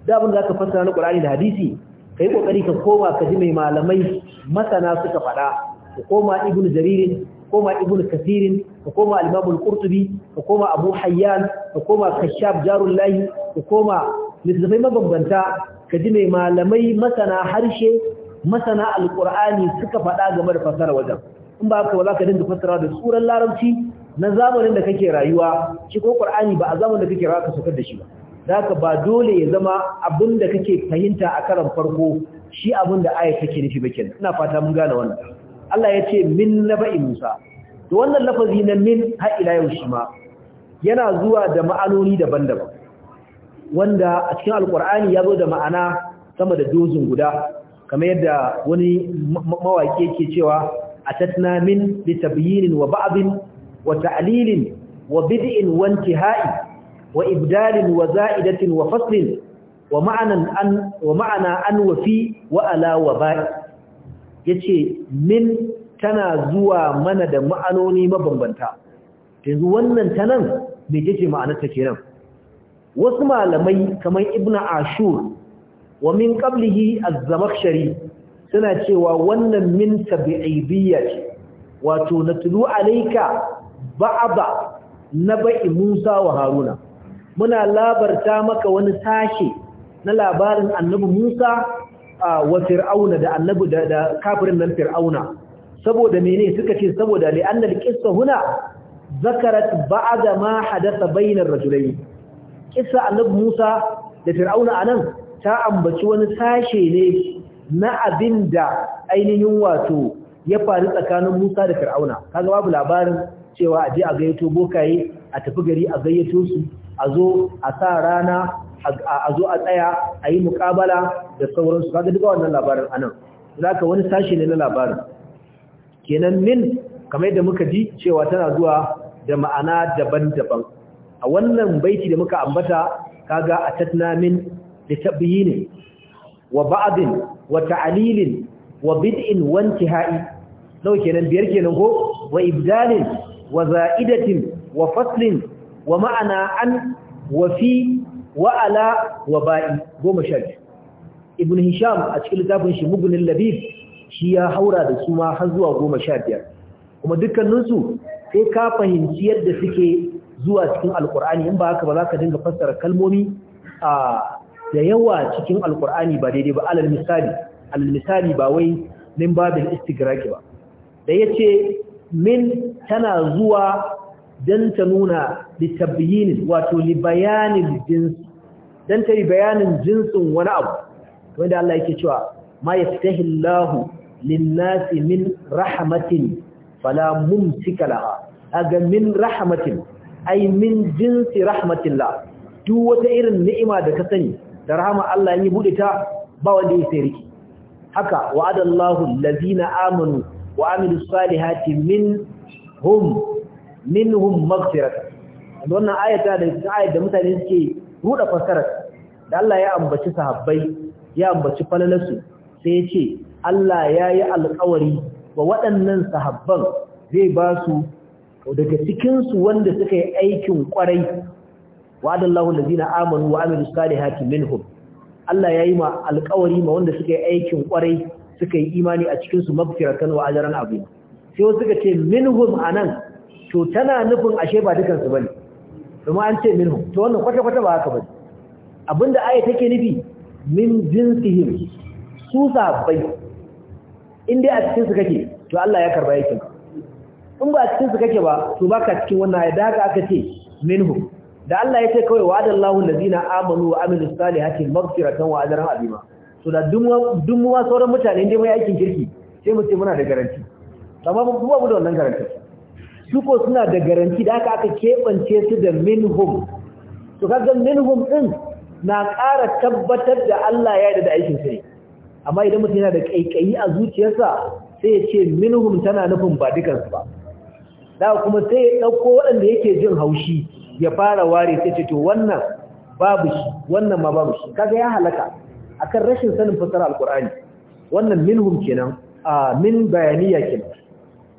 da abin da ka fassara na qur'ani da hadisi kai kokari ka koma ka ji mai malamai masana suka faɗa ka koma ibnu jaririn koma ibnu kasirin ka koma al-imamul qurtubi ka koma abu hayyan ka koma kashab jarullahi ka koma littafai mabambanta ka ji mai malamai masana harshe masana alqur'ani suka faɗa game da fasara wajen in ba ka ba za ka dinga fasara da suran larabci na zamanin da kake rayuwa shi ko qur'ani ba a zamanin da kake rayuwa ka saukar da shi ba zaka ba dole ya zama abin da kake fahimta a karan farko shi abin da aya take nufi ba ina fata mun gane wannan Allah ya ce min naba'i Musa da wannan lafazi na min har ila yau shi ma yana zuwa da ma'anoni daban-daban wanda a cikin alkur'ani ya zo da ma'ana sama da dozin guda kamar yadda wani mawaƙi yake cewa a min li tabyinin wa ba'abin, wa ta'lilin wa bid'in wa intihai wa ibdalin wa za'idatin wa faslin wa wa ma'ana an wa fi wa ala wa ba'i yace min tana zuwa mana da ma'anoni mabambanta yanzu wannan ta nan mai ce ma'anarta kenan wasu malamai kamar ibn ashur wa min qablihi az-zamakhshari suna cewa wannan min tabi'idiyya ce wato natlu alayka ba'aba nabai Musa wa Haruna muna labarta maka wani sashe na labarin annabi Musa wa fir'auna da annabi da kafirin nan fir'auna saboda mene suka ce saboda li'anna al-qissa huna zakarat ba'da ma hadatha bayna ar-rajulayn kissa annabi Musa da Fir'auna anan ta ambaci wani sashe ne na abinda ainihin wato ya faru tsakanin Musa da Fir'auna kaga babu labarin cewa aje a gayyato bokaye a tafi gari a gayyato su a zo a sa rana a zo a tsaya a yi muƙabala da sauransu kaga duka wannan labarin anan zaka wani sashe ne na labarin kenan min kamar da muka ji cewa tana zuwa da ma'ana daban-daban a wannan baiti da muka ambata kaga a tatna min da tabyinin wa ba'din wa ta'lilin wa bid'in wa intihai nau kenan biyar kenan ko wa ibdalin wa za'idatin wa faslin wa ma'ana an wa fi wa ala wa ba'i goma sha ibn hisham a cikin littafin shi mugunin labib shi ya haura da su ma har zuwa goma sha biyar kuma dukkaninsu sai ka fahimci yadda suke zuwa cikin alkur'ani in ba haka ba za ka dinga fassara kalmomi a da yawa cikin alkur'ani ba daidai ba alal misali alal misali ba wai min babin istigraki ba da ya ce min tana zuwa don ta nuna litabiyinin wato libayanin jinsi don ta yi bayanin jinsin wani abu wanda Allah yake cewa ma ya linnasi min rahmatin fala mumsika laha aga min rahmatin ay min jinsi rahmatillah duk wata irin ni'ima da ka sani da rahama Allah ya bude ta ba wanda ya sai riki haka wa'adallahu allazina amanu wa amilus salihati min hum minhum maghfiratan wannan ayata da cikin da mutane suke ruda fasara da Allah ya ambaci sahabbai ya ambaci falalarsu sai ya ce Allah ya yi alƙawari wa waɗannan sahabban zai ba su daga cikinsu wanda suka yi aikin ƙwarai wa'adallahu zina amanu wa amilu salihati minhum Allah ya yi ma alƙawari ma wanda suka yi aikin ƙwarai suka yi imani a cikinsu mafiratan wa ajaran abu sai wasu suka ce minhum anan to tana nufin ashe ba dukansu ba ne. kuma an ce minhum to wannan kwata-kwata ba haka bane abinda aya take nufi min jinsihim su sabai in dai a cikin su kake to Allah ya karba yake in ba a cikin su kake ba to baka cikin wannan ayat da haka aka ce minhu da Allah ya ce kawai wa'adallahu allazina amanu wa amilu salihati maghfiratan wa ajran azima so da duk ma sauran mutane dai mai aikin kirki sai mu ce muna da garanti amma ba mu da wannan garanti su ko suna da garanti da haka aka kebance su da minhum to kaga minhum din na ƙara tabbatar da Allah ya yarda da aikin sa ne amma idan mutum yana da ƙaiƙayi a zuciyarsa sai ya ce minhum tana nufin ba dukansu ba da kuma sai ya ɗauko waɗanda yake jin haushi ya fara ware sai ce to wannan babu shi wannan ma babu shi kaga ya halaka akan rashin sanin fasara alkur'ani wannan minhum kenan a min bayaniya kenan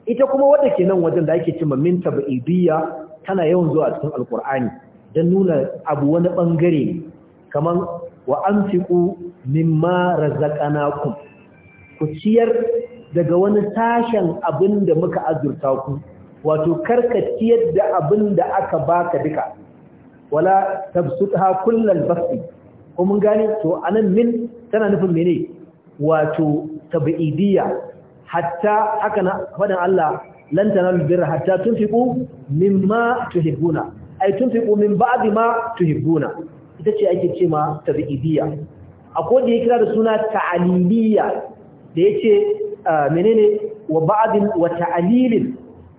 ita kuma wadda kenan wajen da ake cewa min tabidiyya tana yawan zuwa cikin alkur'ani dan nuna abu wani bangare kaman wa amfiku mimma razaqanakum ku ciyar daga wani tashin abinda muka azurta ku wato karka ciyar da abin da aka baka duka wala tabsutha kullal basti ko mun gane to anan min tana nufin mene wato tabidiyya hatta haka na fadan Allah lan tanalu birra hatta tunfiqu mimma tuhibbuna ay tunfiqu min ba'di ma tuhibbuna ita ce ake ce ma tabi'idiyya A da ya kira da suna ta'aliliya da ya ce ah, menene wa ba'adin wa ta'alilin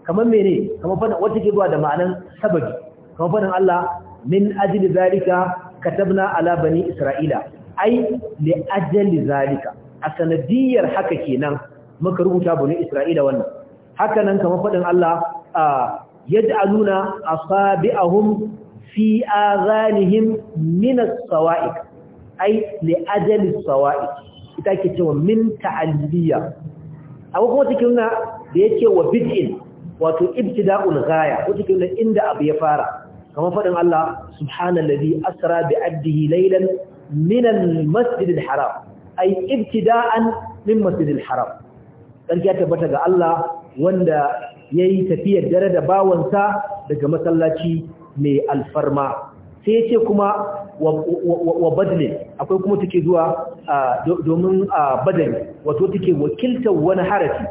kamar mene kamar fadin wata ke zuwa da ma'anan sababi kamar fadin Allah min ajili zalika katabna ala bani isra'ila ai li ajali zalika a sanadiyar haka kenan muka rubuta bani isra'ila wannan haka nan kamar fadin Allah ah, yaj'aluna asabi'ahum fi azanihim min as-sawa'iq ai li ajali as-sawa'iq ita ke cewa min ta'alliya abu kuma take nuna da yake wa bid'in wato ibtida'ul ghaya ko nuna inda abu ya fara kamar fadin Allah subhanallazi asra bi 'abdihi laylan min al-masjid al-haram ai ibtida'an min masjid al-haram sarki ya tabbata ga Allah wanda yayi tafiyar dare da bawansa daga masallaci mai alfarma sai ce kuma wa akwai kuma take zuwa domin badali wato take wakiltar wani harafi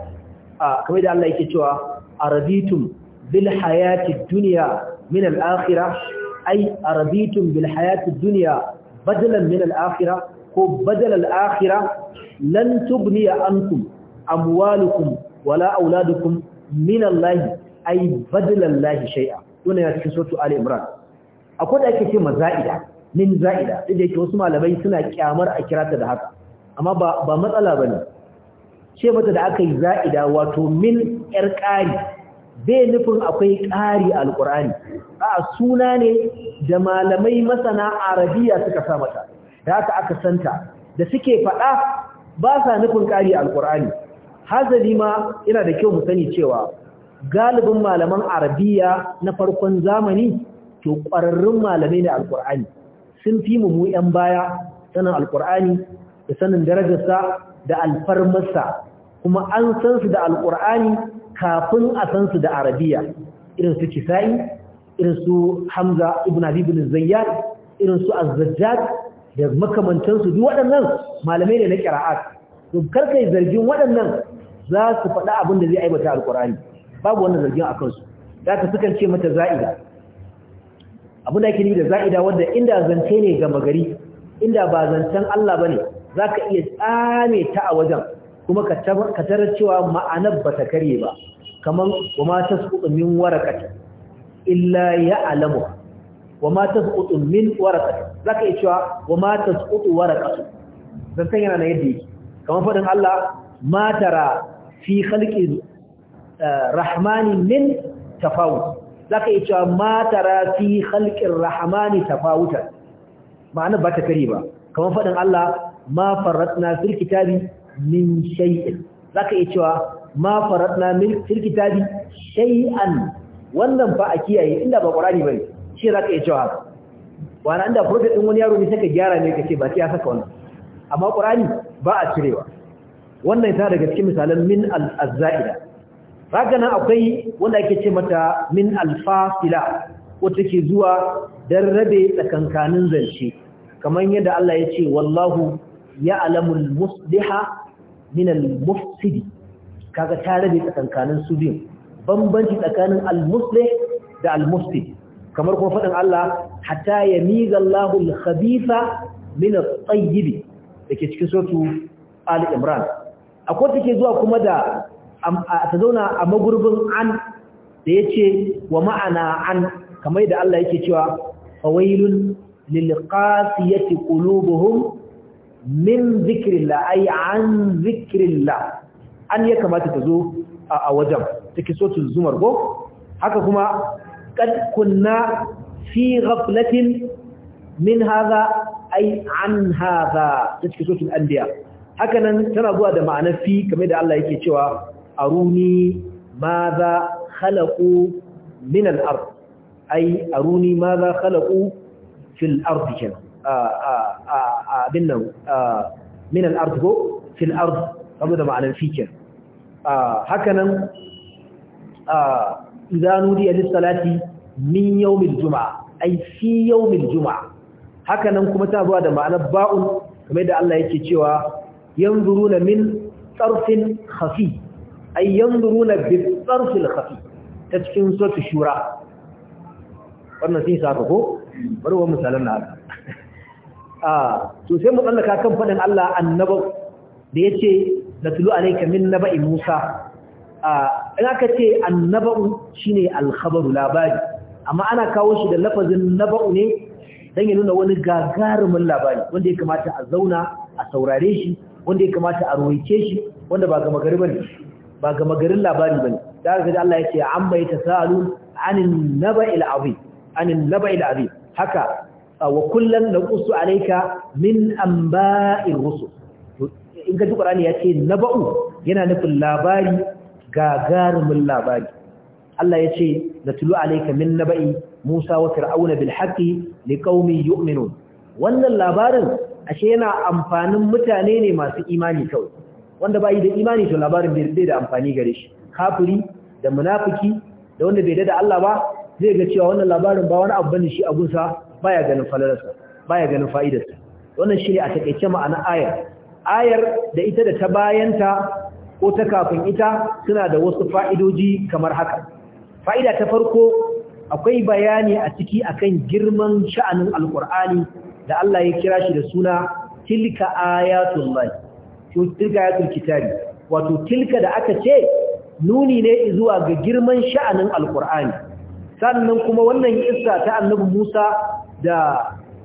kamar da Allah yake cewa arabitun bil hayati duniya min al akhirah ay bil hayati duniya badalan min al ko badal al akhirah lan tubni ankum amwalukum wala auladukum min Allah ai badalan Allah shay'a wannan ya cikin sotu Ali Imran akwai da ake ce maza'ida min za'ida inda yake wasu malamai suna kyamar a kirata da haka amma ba matsala ba ne. ce mata da aka yi za'ida wato min yar ƙari bai nufin akwai ƙari alƙur'ani a suna ne da malamai masana arabiya suka sa mata da haka aka santa da suke faɗa ba sa nufin ƙari alƙur'ani hazali ma yana da kyau mu sani cewa galibin malaman arabiya na farkon zamani to ƙwararrun malamai na alƙur'ani sun fi mu 'yan baya sanin alƙur'ani da sanin darajarsa da alfarmarsa kuma an san su da alƙur'ani kafin a san su da arabiya irin su kisa'i irin su hamza ibn abi bin zayyad irin su azzajjad da makamantansu duk waɗannan malamai ne na ƙira'at to karkai zargin waɗannan za su faɗa abin da zai aibata alƙur'ani babu wannan zargin a kansu da aka sukan ce mata za'ida abin da nufi da za'ida wanda inda zance ne ga magari inda ba zancen Allah bane zaka iya tsame ta a wajen kuma ka tarar cewa ma'anar ba ta kare ba kamar wa ma tasqutu min waraqati illa ya'lamu wa ma tasqutu min waraqati zaka iya cewa wa ma tasqutu waraqatu zancen yana na yadda yake kamar fadin Allah ma tara fi khalqi rahmani min tafawut zaka yi cewa ma tara fi khalqir rahmani tafawutan ma'ana ba ta kare ba kamar fadin Allah ma faratna fil kitabi min shay'in zaka yi cewa ma faratna min fil kitabi shay'an wannan ba a kiyaye inda ba qur'ani bane shi zaka yi cewa haka wani inda prophet din wani yaro ne saka gyara ne kace ba sai ya saka wannan amma qur'ani ba a cirewa wannan ta daga cikin misalan min al-zaida haka akwai wanda ake ce mata min alfasila wata ke zuwa don rabe tsakankanin zance kamar yadda Allah ya ce wallahu ya alamul musliha min al-mufsidi kaga ta rabe tsakankanin su biyu bambanci tsakanin al da al kamar kuma faɗin Allah hatta ya miga Allahu al min at-tayyib dake cikin suratu Ali Imran akwai take zuwa kuma da ta zauna a magurbin an da ya ce wa ma'ana an kamar da Allah yake cewa fawailun lilqasiyati qulubuhum min zikrillah ay an zikrillah an ya kamata ta zo a wajen take sotul zumar go haka kuma kad kunna fi ghaflatin min hadha ay an hadha take sotul anbiya haka nan tana zuwa da ma'ana fi kamar da Allah yake cewa aruni maza khalaqu min al ai aruni maza khalaqu fil ard kin a abin nan min al-ard go fil ard saboda ma'anar fikir haka nan idanu diya lissalati min yawmil juma'a ai fi yawmil juma'a haka nan kuma ta zuwa da ma'anar ba'un kamar da Allah yake cewa yanzuruna min tsarfin hafi. ayyan yanzuruna bi tsarfil khafi ta cikin sotu shura wannan yi sa ko bari wa misalan na haka a to sai mu tsallaka kan fadin Allah annaba da ya ce yace tulu alaika min naba'i Musa a in aka ce annaba'u shine ne alkhabaru labari amma ana kawo shi da lafazin naba'u ne don ya nuna wani gagarumin labari wanda ya kamata a zauna a saurare shi wanda ya kamata a ruwaice shi wanda ba ga ba ne ba gama garin labari bane da haka da Allah ya ce amma ya tasalu anin naba'il azim anin naba'il azim haka wa kullan naqussu alaika min ba'in rusul in ka ji Qur'ani ya ce naba'u yana nufin labari gagarumin labari Allah ya ce natulu alaika min naba'i Musa wa bilhakki bil haqqi liqaumin yu'minun wannan labarin ashe yana amfanin mutane ne masu imani kawai wanda yi da imani to labarin bai da amfani gare shi kafiri da munafiki da wanda bai da Allah ba zai ga cewa wannan labarin ba wani abu bane shi a gunsa baya ganin falalarsa baya ganin fa'idarsa wannan shine a takeice ma'ana ayar ayar da ita da ta bayanta ko ta kafin ita suna da wasu fa'idoji kamar haka fa'ida ta farko akwai bayani a ciki akan girman sha'anin alqur'ani da Allah ya kira shi da suna tilka ayatul lahi tilka ya kitabi wato tilka da aka ce nuni ne zuwa ga girman sha'anin alkur'ani sannan kuma wannan kissa ta annabi Musa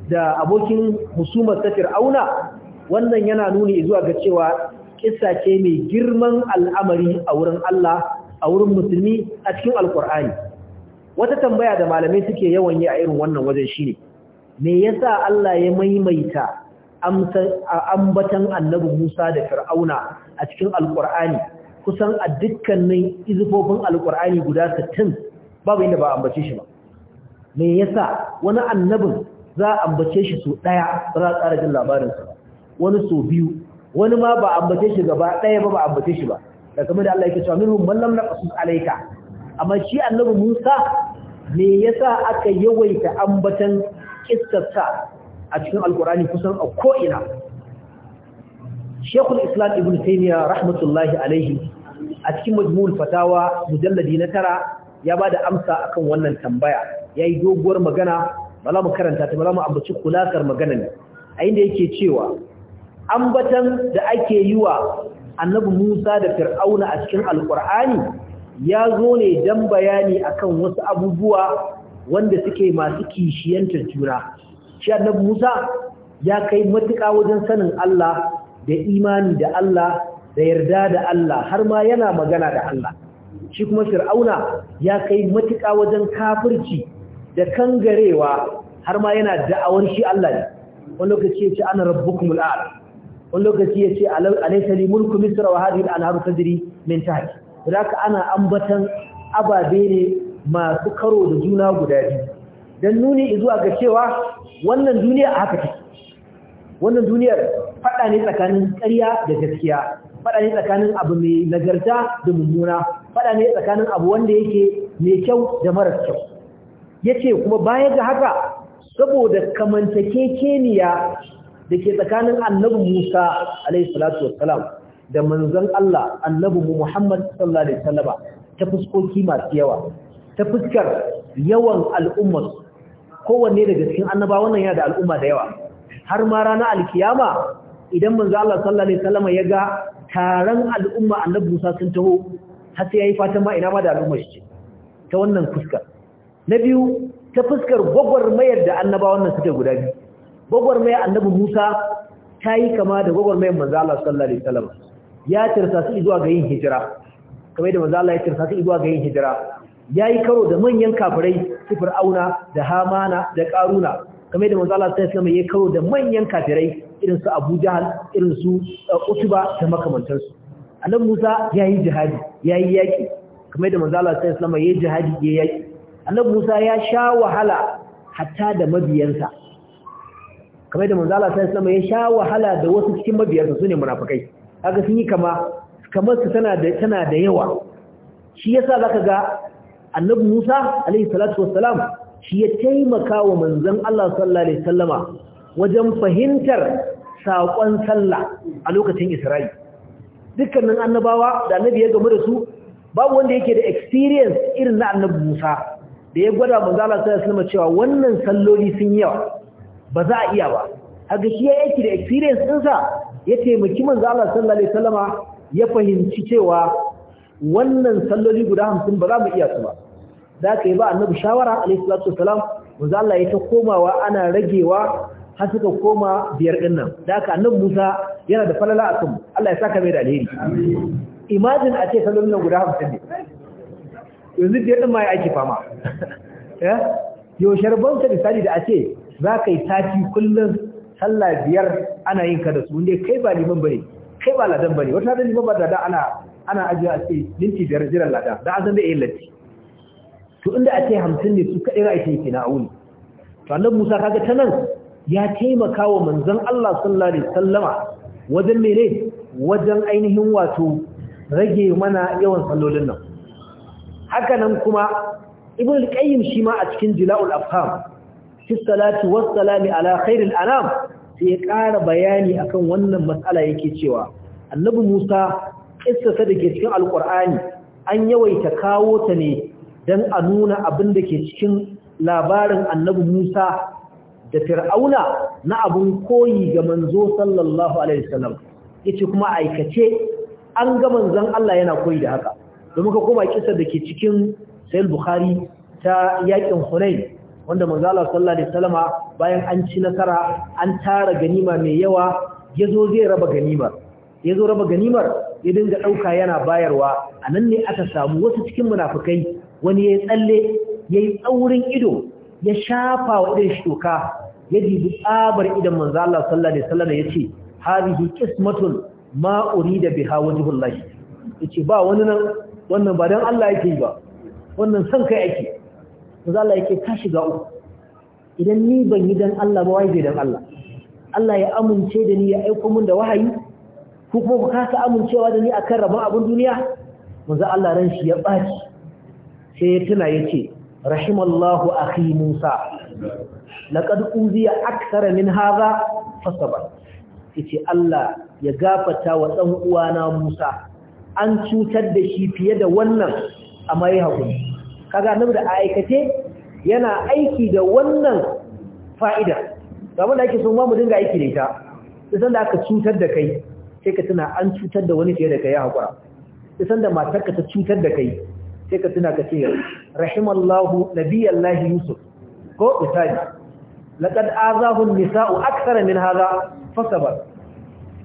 da abokin husumar ta Fir'auna wannan yana nuni zuwa ga cewa kissa ce mai girman al'amari a wurin Allah a wurin musulmi a cikin alkur'ani wata tambaya da malamai suke yawan yi a irin wannan wajen shine me yasa Allah ya maimaita ambatan annabi Musa da Fir'auna a cikin Alƙur'ani kusan a dukkanin izufofin Alƙur'ani guda 60 babu inda ba ambace shi ba me yasa wani annabin za a ambace shi so daya ba za a tsara jin labarin sa wani so biyu wani ma ba ambace shi gaba daya ba ba ambace shi ba da kamar da Allah yake cewa minhum man lam naqsus alayka amma shi annabi Musa me yasa aka yawaita ambatan kissarsa a cikin alkurani kusan a ko'ina shekul islam ibn taimiyya rahmatullahi alaihi a cikin majmul fatawa mujalladi na tara ya ba da amsa akan wannan tambaya ya yi doguwar magana ba mu karanta ta ba mu ambaci kulasar magana ne a inda yake cewa ambatan da ake yi wa annabi musa da fir'auna a cikin alkur'ani ya zo ne don bayani akan wasu abubuwa wanda suke masu kishiyantar juna shi annabi Musa ya kai matuƙa wajen sanin Allah da imani da Allah da yarda da Allah har ma yana magana da Allah shi kuma Fir'auna ya kai matuƙa wajen kafirci da kangarewa har ma yana da'awar shi Allah ne wani lokaci ya ce ana rabbukum a'la wani lokaci ya ce alaisa ne mulku misra wa hadhihi al tajri min tahti zaka ana ambatan ababe ne masu karo da juna guda biyu dan nuni zuwa ga cewa wannan duniya haka take wannan duniyar faɗa ne tsakanin ƙarya da gaskiya faɗa ne tsakanin abu mai nagarta da mummuna faɗa ne tsakanin abu wanda yake mai kyau da maras kyau yace kuma baya ga haka saboda kamantake kamantakekeniya da ke tsakanin annabi Musa alaihi salatu wassalam da manzon Allah annabi Muhammad sallallahu alaihi wasallam ta fuskoki masu yawa ta fuskar yawan al'ummar kowanne daga cikin annaba wannan yana da al'umma da yawa har ma rana alkiyama idan manzo Allah sallallahu alaihi wasallam ya ga taron al'umma annabi Musa sun taho har sai yayi fatan ma ina ma da al'umma shi ta wannan fuskar na biyu ta fuskar gwagwarmayar da annaba wannan suke guda biyu gwagwarmayar annabi Musa ta yi kama da gwagwarmayar manzo Allah sallallahu alaihi wasallam ya tirsa su zuwa ga yin hijira kamar da manzo Allah ya tirsa su zuwa ga yin hijira ya yi karo da manyan kafirai su fir'auna da hamana da ƙaruna kamar da manzala sai islam ya karo da manyan kafirai irin su abu jahal irin su uh, utuba da makamantarsu annab musa ya yi jihadi ya yi yaƙi kamar da manzala sai islam ya yi jihadi ya yi yaƙi annab musa ya sha wahala hatta da mabiyansa kamar da manzala sai islam ya sha wahala da wasu cikin mabiyansa su ne munafakai. kaga sun yi kama kamar su tana da tana da yawa shi yasa zaka ga annabi Musa alaihi salatu wassalam shi ya taimaka wa manzon Allah sallallahu alaihi wasallama wajen fahimtar saƙon sallah a lokacin Isra'i dukkanin annabawa da annabi ya gamu da su babu wanda yake da experience irin na annabi Musa da ya gwada manzo Allah sallallahu alaihi wasallam cewa wannan salloli sun yawa ba za a iya ba haka shi yake da experience din sa ya taimaki manzo Allah sallallahu alaihi wasallama ya fahimci cewa wannan salloli guda 50 ba za mu iya su ba Da ka yi ba annabi shawara alayhi salatu wasalam manzo Allah ya ta komawa ana ragewa har suka koma biyar din nan da haka annabi Musa yana da falala a kan Allah ya saka mai da alheri imagin a ce kallon nan guda 50 ne yanzu biyar din ma ya ake fama eh yo sharban ka misali da a ce za ka yi tafi kullum sallah biyar ana yin ka da su inde kai ba liman bane kai ba ladan bane wata da liman ba da ana ana ajiya a ce minti biyar jiran lada da an san da yin latti to inda a ce hamsin ne su kaɗai ra'ayi yake na wuni. to annabi Musa kaga ta nan ya taimaka wa manzon Allah sallallahu alaihi wasallama wajen mene wajen ainihin wato rage mana yawan sallolin nan haka nan kuma ibn al-qayyim shi ma a cikin jila'ul afham fi salati was salami ala khairil anam sai ya ƙara bayani akan wannan matsala yake cewa annabi Musa kissa ta ke cikin alqur'ani an yawaita kawo ta ne don a nuna abin da ke cikin labarin annabi Musa da Fir'auna na abin koyi ga manzo sallallahu Alaihi wasallam yace kuma aikace an ga manzon Allah yana koyi da haka domin ka koma kisar da ke cikin sayil Bukhari ta yakin Hunain wanda manzo Allah sallallahu Alaihi wasallama bayan an ci nasara an tara ganima mai yawa yazo zai raba ganimar yazo raba ganimar ya dinga ɗauka yana bayarwa a nan ne aka samu wasu cikin munafukai. wani ya tsalle ya yi tsaurin ido ya shafa wa idan shuka ya dibi tsabar idan manzo Allah sallallahu alaihi wasallam ya ce hadhihi qismatun ma urida biha wajhullahi yace ba wani nan wannan ba dan Allah yake ba wannan san kai yake manzo Allah yake ka shiga uku idan ni ban yi dan Allah ba wai bai dan Allah Allah ya amince da ni ya aika mun da wahayi ko kuma ba ka amincewa da ni akan rabon abin duniya manzo Allah ran shi ya baci sai ya tuna ya ce rahimallahu akhi musa laqad uziya akthara min hadha fasabar yace Allah ya gafata wa dan uwana musa an cutar da shi fiye da wannan amma ya hakuri kaga annabi da aikace yana aiki da wannan fa'ida kamar da ake so mu dinga aiki da ita idan da aka cutar da kai sai ka tuna an cutar da wani fiye da kai ya haƙura. idan da matarka ta cutar da kai sai ka tuna ka ce rahimallahu nabiyallahi yusuf ko misali laqad azahu an-nisa'u akthara min hadha fasabar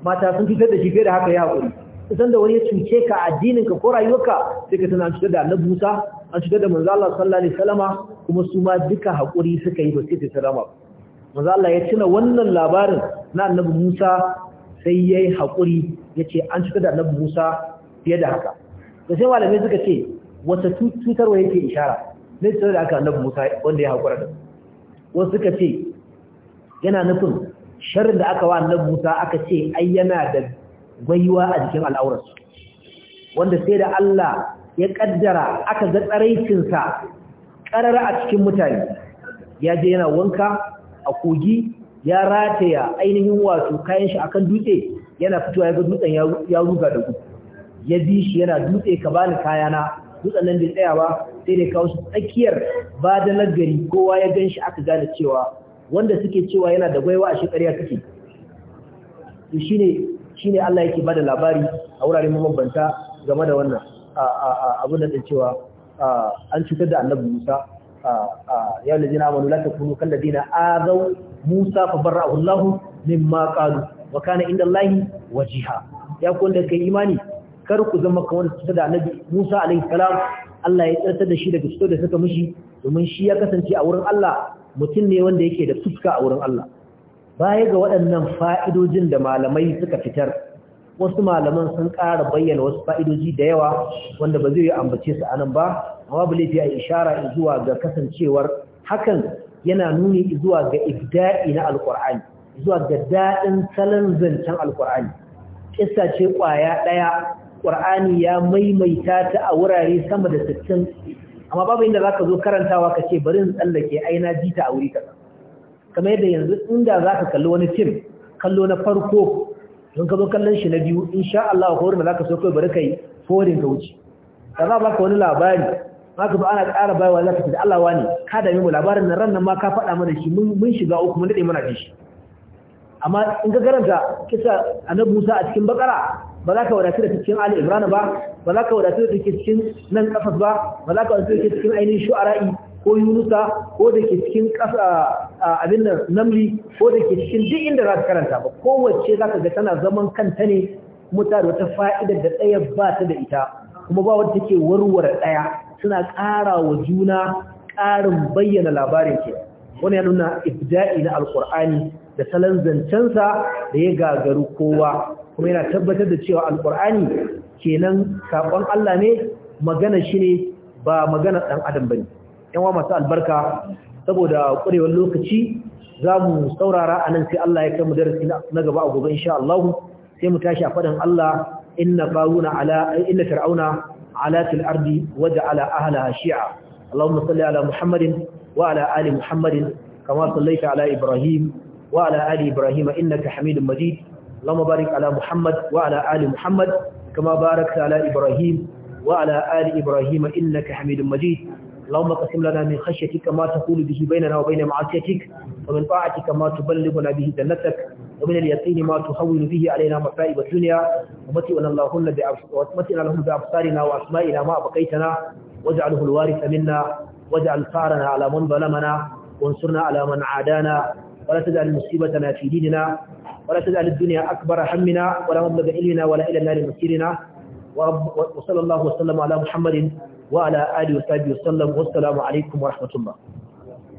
mata sun cutar da shi fiye da haka ya hakuri idan wani ya cuce ka addinin ka ko rayuwarka sai ka tuna an cutar da Annabi Musa an cutar da manzo Allah sallallahu alaihi wasallama kuma su ma duka hakuri suka yi ba sai su rama manzo Allah ya tuna wannan labarin na Annabi Musa sai yayi hakuri yace an cutar da Annabi Musa fiye da haka to sai malamai suka ce wata cutarwa yake ishara ne tsaye da aka annabi Musa wanda ya haƙura da wasu suka ce yana nufin sharin da aka wa annabi Musa aka ce ai yana da gwaiwa a jikin al'aurarsu wanda sai da Allah ya ƙaddara aka ga tsaraicinsa ƙarara a cikin mutane ya je yana wanka a kogi ya rataya ainihin wato kayan shi akan dutse yana fitowa ya ga dutsen ya ruga da gudu ya bi shi yana dutse ka bani kayana dutsen nan bai tsaya ba sai da kawo su tsakiyar da gari kowa ya gan aka gane cewa wanda suke cewa yana da gwaiwa a shekariya kake to shine shine Allah yake bada labari a wuraren mabambanta game da wannan abin da cewa an cutar da annabi Musa ya ladina amanu la takunu kal ladina azau Musa fa barra'ahu Allah mimma qalu wa kana inda Allah wajiha ya kun da kai imani kar ku zama kamar su da annabi Musa alaihi salam Allah ya tsarta da shi daga fito da suka mishi domin shi ya kasance a wurin Allah mutum ne wanda yake da fuska a wurin Allah baya ga waɗannan fa'idojin da malamai suka fitar wasu malaman sun ƙara bayyana wasu fa'idoji da yawa wanda ba zai yi ambace su anan ba amma ba laifi a ishara zuwa ga kasancewar hakan yana nuni zuwa ga ibda'i na alƙur'ani zuwa ga daɗin salon zancen alƙur'ani ƙissa ce ƙwaya ɗaya ƙur'ani ya maimaita ta a wurare sama da sittin amma babu inda za ka zo karantawa ka ce bari in tsallake aina ji ta a wuri kaza kamar yadda yanzu inda za ka kalli wani fim kallo na farko don ka zo kallon shi na biyu insha Allah ko da za ka so kai bari kai forin ka wuce da za baka wani labari haka ba ana ƙara bayan za ka ce da Allah wani ka dame mu labarin nan ran nan ma ka faɗa mana shi mun shiga uku mun daɗe mana shi amma in ka garanta kisa annabi Musa a cikin bakara ba za ka wadatu da cikin Ali Ibrahim ba ba za ka wadatu da cikin nan ƙasas ba ba za ka wadatu da cikin ainihin shu'ara'i ko Yunusa ko da ke cikin kasa abin nan namli ko da ke cikin duk inda za ka karanta ba kowace za ka ga tana zaman kanta ne kuma ta da wata fa'idar da ɗaya ba ta da ita kuma ba wadda take warware ɗaya suna ƙara wa juna ƙarin bayyana labarin ke wani ya nuna ibda'i na alƙur'ani da salon zancensa da ya gagaru kowa kuma yana tabbatar da cewa alqur'ani kenan sakon Allah ne magana shi ne ba magana ɗan adam bane yan wa masu albarka saboda kurewar lokaci za mu saurara nan sai Allah ya kai mu darasi na gaba a gobe insha Allah sai mu tashi a fadan Allah inna qaruna ala inna fir'auna ala til ardi ala ahla shi'a اللهم صل على محمد وعلى آل محمد كما صليت على إبراهيم وعلى آل إبراهيم إنك حميد مجيد اللهم بارك على محمد وعلى آل محمد كما باركت على إبراهيم وعلى آل إبراهيم إنك حميد مجيد اللهم قسم لنا من خشيتك ما تقول به بيننا وبين معصيتك ومن طاعتك ما تبلغنا به جنتك ومن اليقين ما تهون به علينا مصائب الدنيا ومتئنا اللهم ومتئنا لهم بأبصارنا وأسمائنا ما بقيتنا واجعله الوارث منا واجعل ثارنا على من ظلمنا وانصرنا على من عادانا ولا تجعل مصيبتنا في ديننا ولا تجعل الدنيا أكبر همنا ولا مبلغ علمنا ولا إلى النار مسيرنا وصلى الله وسلم على محمد وعلى آله وصحبه وسلم والسلام عليكم ورحمة الله